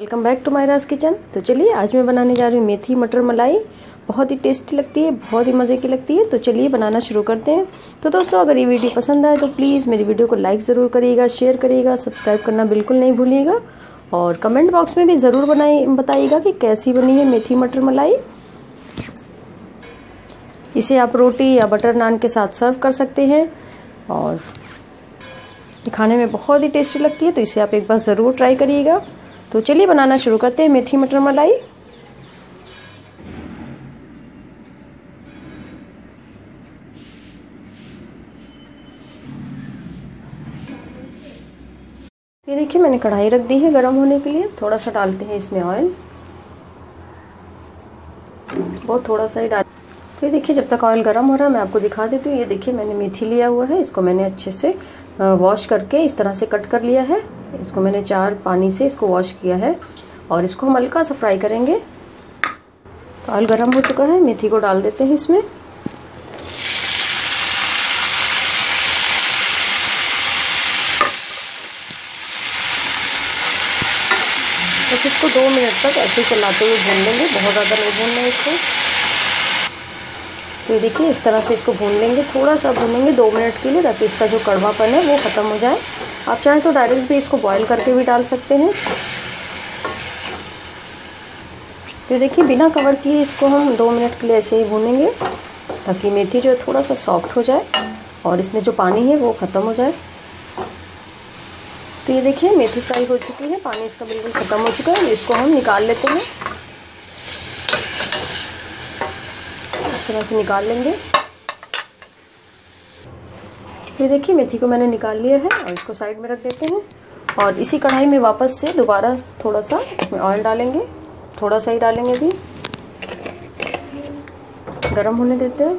welcome back to my Raj kitchen तो चलिए आज मैं बनाने जा रही हूँ मेथी मटर मलाई बहुत ही टेस्टी लगती है बहुत ही मज़े की लगती है तो चलिए बनाना शुरू करते हैं तो दोस्तों अगर ये वीडियो पसंद आए तो प्लीज़ मेरी वीडियो को लाइक ज़रूर करिएगा शेयर करिएगा सब्सक्राइब करना बिल्कुल नहीं भूलिएगा और कमेंट बॉक्स में भी ज़रूर बनाई बताइएगा कि कैसी बनी है मेथी मटर मलाई इसे आप रोटी या बटर नान के साथ सर्व कर सकते हैं और खाने में बहुत ही टेस्टी लगती है तो इसे आप एक बार ज़रूर ट्राई करिएगा तो चलिए बनाना शुरू करते हैं मेथी मटर मलाई ये देखिए मैंने कढ़ाई रख दी है गर्म होने के लिए थोड़ा सा डालते हैं इसमें ऑयल बहुत थोड़ा सा ही डाल तो ये देखिए जब तक ऑयल गर्म हो रहा है मैं आपको दिखा देती हूँ ये देखिए मैंने मेथी लिया हुआ है इसको मैंने अच्छे से वॉश करके इस तरह से कट कर लिया है इसको मैंने चार पानी से इसको वॉश किया है और इसको हम हल्का सा फ्राई करेंगे तो आल गर्म हो चुका है मेथी को डाल देते हैं इसमें बस इसको दो मिनट तक ऐसे चलाते हुए भून लेंगे बहुत ज़्यादा नहीं भूनना है इसको तो ये देखिए इस तरह से इसको भून लेंगे थोड़ा सा भूनेंगे दो मिनट के लिए ताकि इसका जो कड़वापन है वो ख़त्म हो जाए आप चाहें तो डायरेक्ट भी इसको बॉईल करके भी डाल सकते हैं तो देखिए बिना कवर किए इसको हम दो मिनट के लिए ऐसे ही भूनेंगे ताकि मेथी जो है थोड़ा सा सॉफ्ट हो जाए और इसमें जो पानी है वो ख़त्म हो जाए तो ये देखिए मेथी फ्राई हो चुकी है पानी इसका बिल्कुल ख़त्म हो चुका है इसको हम निकाल लेते हैं इस तरह से निकाल लेंगे ये देखिए मेथी को मैंने निकाल लिया है और इसको साइड में रख देते हैं और इसी कढ़ाई में वापस से दोबारा थोड़ा सा इसमें ऑयल डालेंगे थोड़ा सा ही डालेंगे अभी गर्म होने देते हैं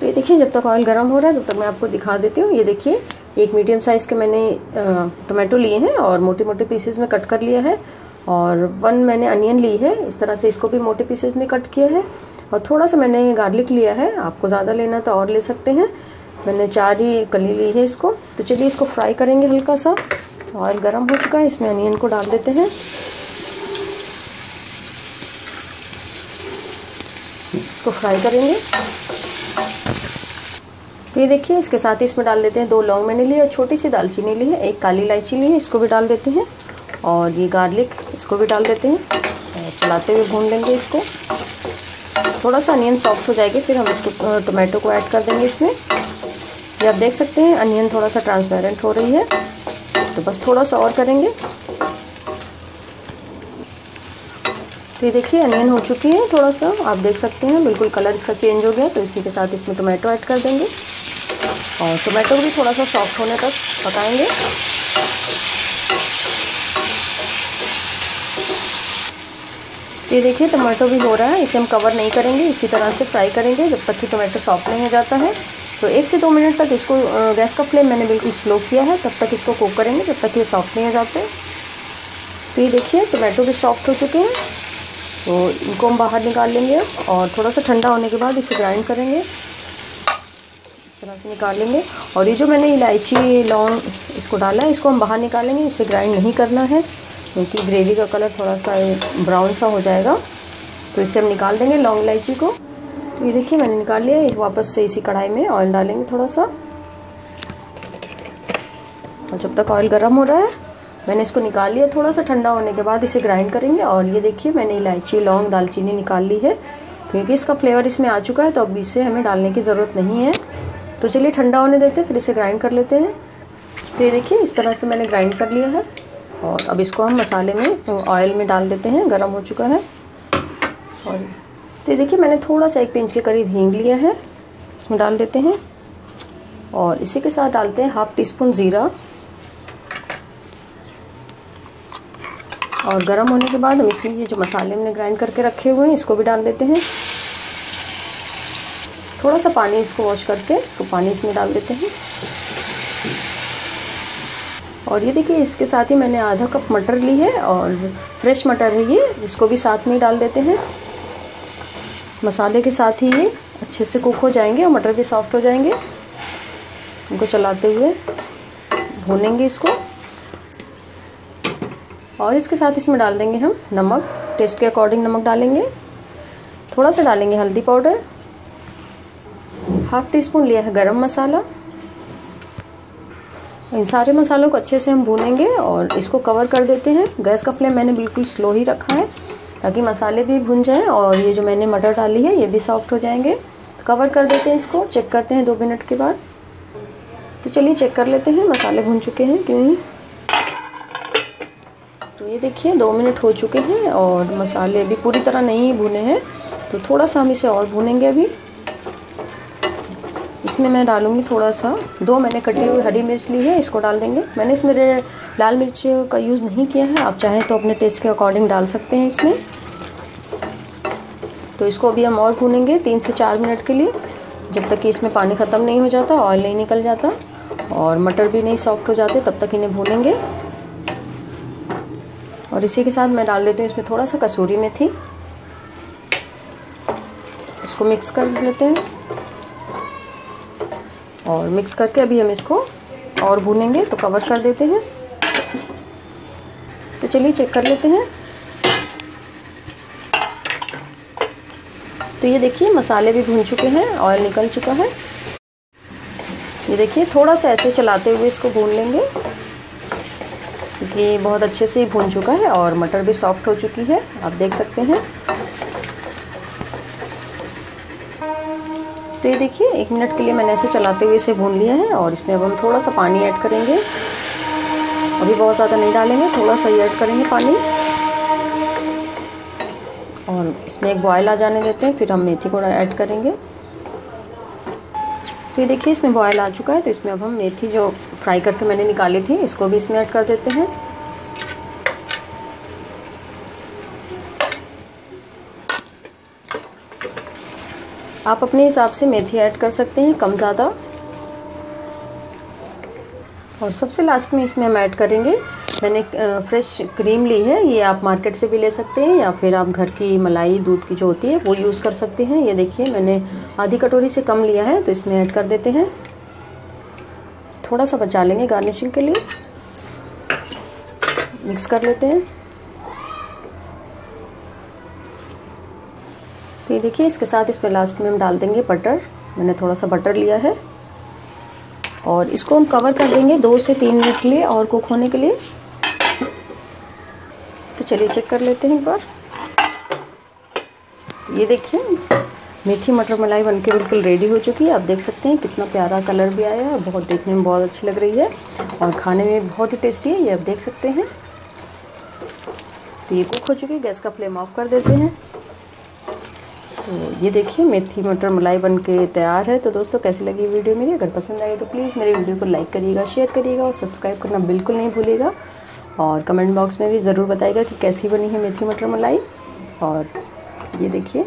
तो ये देखिए जब तक ऑयल गर्म हो रहा है तब तक मैं आपको दिखा देती हूँ ये देखिए एक मीडियम साइज़ के मैंने टोमेटो लिए हैं और मोटे मोटे पीसेज में कट कर लिया है और वन मैंने अनियन ली है इस तरह से इसको भी मोटे पीसेज में कट किया है और थोड़ा सा मैंने गार्लिक लिया है आपको ज़्यादा लेना तो और ले सकते हैं मैंने चार ही कली ली है इसको तो चलिए इसको फ्राई करेंगे हल्का सा ऑयल गर्म हो चुका है इसमें अनियन को डाल देते हैं इसको फ्राई करेंगे तो ये देखिए इसके साथ ही इसमें डाल देते हैं दो लौंग मैंने ली और छोटी सी दालचीनी ली है एक काली इलायची ली है इसको भी डाल देते हैं और ये गार्लिक इसको भी डाल देते हैं चलाते हुए भून लेंगे इसको थोड़ा सा अनियन सॉफ्ट हो जाएगी फिर हम इसको टोमेटो को ऐड कर देंगे इसमें ये आप देख सकते हैं अनियन थोड़ा सा ट्रांसपेरेंट हो रही है तो बस थोड़ा सा और करेंगे तो ये देखिए अनियन हो चुकी है थोड़ा सा आप देख सकते हैं बिल्कुल कलर इसका चेंज हो गया तो इसी के साथ इसमें टोमेटो ऐड कर देंगे और टोमेटो भी थोड़ा सा सॉफ्ट होने तक पकाएंगे ये देखिए टमाटो भी हो रहा है इसे हम कवर नहीं करेंगे इसी तरह से फ्राई करेंगे जब तक कि टोमेटो सॉफ्ट नहीं हो जाता है तो एक से दो मिनट तक इसको गैस का फ्लेम मैंने बिल्कुल स्लो किया है तब तक इसको कुक करेंगे जब तक ये सॉफ्ट नहीं हो जाते तो ये देखिए टोमेटो भी सॉफ्ट हो चुके हैं तो इनको हम बाहर निकाल लेंगे और थोड़ा सा ठंडा होने के बाद इसे ग्राइंड करेंगे इस तरह से निकाल लेंगे और ये जो मैंने इलायची लौंग इसको डाला है इसको हम बाहर निकालेंगे इसे ग्राइंड नहीं करना है क्योंकि ग्रेवी का कलर थोड़ा सा ब्राउन सा हो जाएगा तो इसे हम निकाल देंगे लौंग इलायची को तो ये देखिए मैंने निकाल लिया इस वापस से इसी कढ़ाई में ऑयल डालेंगे थोड़ा सा और जब तक ऑयल गर्म हो रहा है मैंने इसको निकाल लिया थोड़ा सा ठंडा होने के बाद इसे ग्राइंड करेंगे और ये देखिए मैंने इलायची लौंग दालचीनी निकाल ली है क्योंकि इसका फ्लेवर इसमें आ चुका है तो अब इसे हमें डालने की ज़रूरत नहीं है तो चलिए ठंडा होने देते हैं फिर इसे ग्राइंड कर लेते हैं तो ये देखिए इस तरह से मैंने ग्राइंड कर लिया है और अब इसको हम मसाले में ऑयल में डाल देते हैं गर्म हो चुका है सॉरी तो ये देखिए मैंने थोड़ा सा एक पिंच के करीब हींग लिया है इसमें डाल देते हैं और इसी के साथ डालते हैं हाफ टी स्पून ज़ीरा और गर्म होने के बाद हम इसमें ये जो मसाले हमने ग्राइंड करके रखे हुए हैं इसको भी डाल देते हैं थोड़ा सा पानी इसको वॉश करके इसको पानी इसमें डाल देते हैं और ये देखिए इसके साथ ही मैंने आधा कप मटर ली है और फ्रेश मटर है ये इसको भी साथ में ही डाल देते हैं मसाले के साथ ही ये अच्छे से कुक हो जाएंगे और मटर भी सॉफ्ट हो जाएंगे इनको चलाते हुए भूनेंगे इसको और इसके साथ इसमें डाल देंगे हम नमक टेस्ट के अकॉर्डिंग नमक डालेंगे थोड़ा सा डालेंगे हल्दी पाउडर हाफ टी स्पून लिया है गरम मसाला इन सारे मसालों को अच्छे से हम भूनेंगे और इसको कवर कर देते हैं गैस का फ्लेम मैंने बिल्कुल स्लो ही रखा है ताकि मसाले भी भुन जाएँ और ये जो मैंने मटर डाली है ये भी सॉफ्ट हो जाएंगे तो कवर कर देते हैं इसको चेक करते हैं दो मिनट के बाद तो चलिए चेक कर लेते हैं मसाले भुन चुके हैं कि नहीं तो ये देखिए दो मिनट हो चुके हैं और मसाले अभी पूरी तरह नहीं भुने हैं तो थोड़ा सा हम इसे और भुनेंगे अभी इसमें मैं डालूंगी थोड़ा सा दो मैंने कटी हुई हरी मिर्च ली है इसको डाल देंगे मैंने इसमें लाल मिर्च का यूज़ नहीं किया है आप चाहें तो अपने टेस्ट के अकॉर्डिंग डाल सकते हैं इसमें तो इसको अभी हम और भूनेंगे तीन से चार मिनट के लिए जब तक कि इसमें पानी ख़त्म नहीं हो जाता ऑयल नहीं निकल जाता और मटर भी नहीं सॉफ्ट हो जाते तब तक इन्हें भूनेंगे और इसी के साथ मैं डाल देती हूँ इसमें थोड़ा सा कसूरी मेथी इसको मिक्स कर लेते हैं और मिक्स करके अभी हम इसको और भूनेंगे तो कवर कर देते हैं तो चलिए चेक कर लेते हैं तो ये देखिए मसाले भी भून चुके हैं ऑयल निकल चुका है ये देखिए थोड़ा सा ऐसे चलाते हुए इसको भून लेंगे क्योंकि बहुत अच्छे से भून चुका है और मटर भी सॉफ्ट हो चुकी है आप देख सकते हैं तो ये देखिए एक मिनट के लिए मैंने ऐसे चलाते हुए इसे भून लिया है और इसमें अब हम थोड़ा सा पानी ऐड करेंगे अभी बहुत ज़्यादा नहीं डालेंगे थोड़ा सा ही ऐड करेंगे पानी और इसमें एक बॉयल आ जाने देते हैं फिर हम मेथी को ऐड करेंगे तो ये देखिए इसमें बॉयल आ चुका है तो इसमें अब हम मेथी जो फ्राई करके मैंने निकाली थी इसको भी इसमें ऐड कर देते हैं आप अपने हिसाब से मेथी ऐड कर सकते हैं कम ज़्यादा और सबसे लास्ट में इसमें हम ऐड करेंगे मैंने फ्रेश क्रीम ली है ये आप मार्केट से भी ले सकते हैं या फिर आप घर की मलाई दूध की जो होती है वो यूज़ कर सकते हैं ये देखिए मैंने आधी कटोरी से कम लिया है तो इसमें ऐड कर देते हैं थोड़ा सा बचा लेंगे गार्निशिंग के लिए मिक्स कर लेते हैं तो ये देखिए इसके साथ इसमें लास्ट में हम डाल देंगे बटर मैंने थोड़ा सा बटर लिया है और इसको हम कवर कर देंगे दो से तीन मिनट के लिए और कुक होने के लिए तो चलिए चेक कर लेते हैं एक बार तो ये देखिए मेथी मटर मलाई बनके बिल्कुल रेडी हो चुकी है आप देख सकते हैं कितना प्यारा कलर भी आया है बहुत देखने में बहुत अच्छी लग रही है और खाने में बहुत ही टेस्टी है ये आप देख सकते हैं तो ये कुक हो चुकी है गैस का फ्लेम ऑफ कर देते हैं तो ये देखिए मेथी मटर मलाई बन के तैयार है तो दोस्तों कैसी लगी वीडियो मेरी अगर पसंद आई तो प्लीज़ मेरे वीडियो को लाइक करिएगा शेयर करिएगा और सब्सक्राइब करना बिल्कुल नहीं भूलिएगा और कमेंट बॉक्स में भी ज़रूर बताएगा कि कैसी बनी है मेथी मटर मलाई और ये देखिए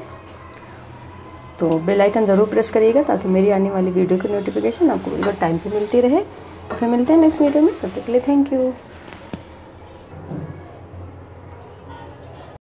तो बेल आइकन ज़रूर प्रेस करिएगा ताकि मेरी आने वाली वीडियो की नोटिफिकेशन आपको एक टाइम पे मिलती रहे तो फिर मिलते हैं नेक्स्ट वीडियो में तब तक के लिए थैंक यू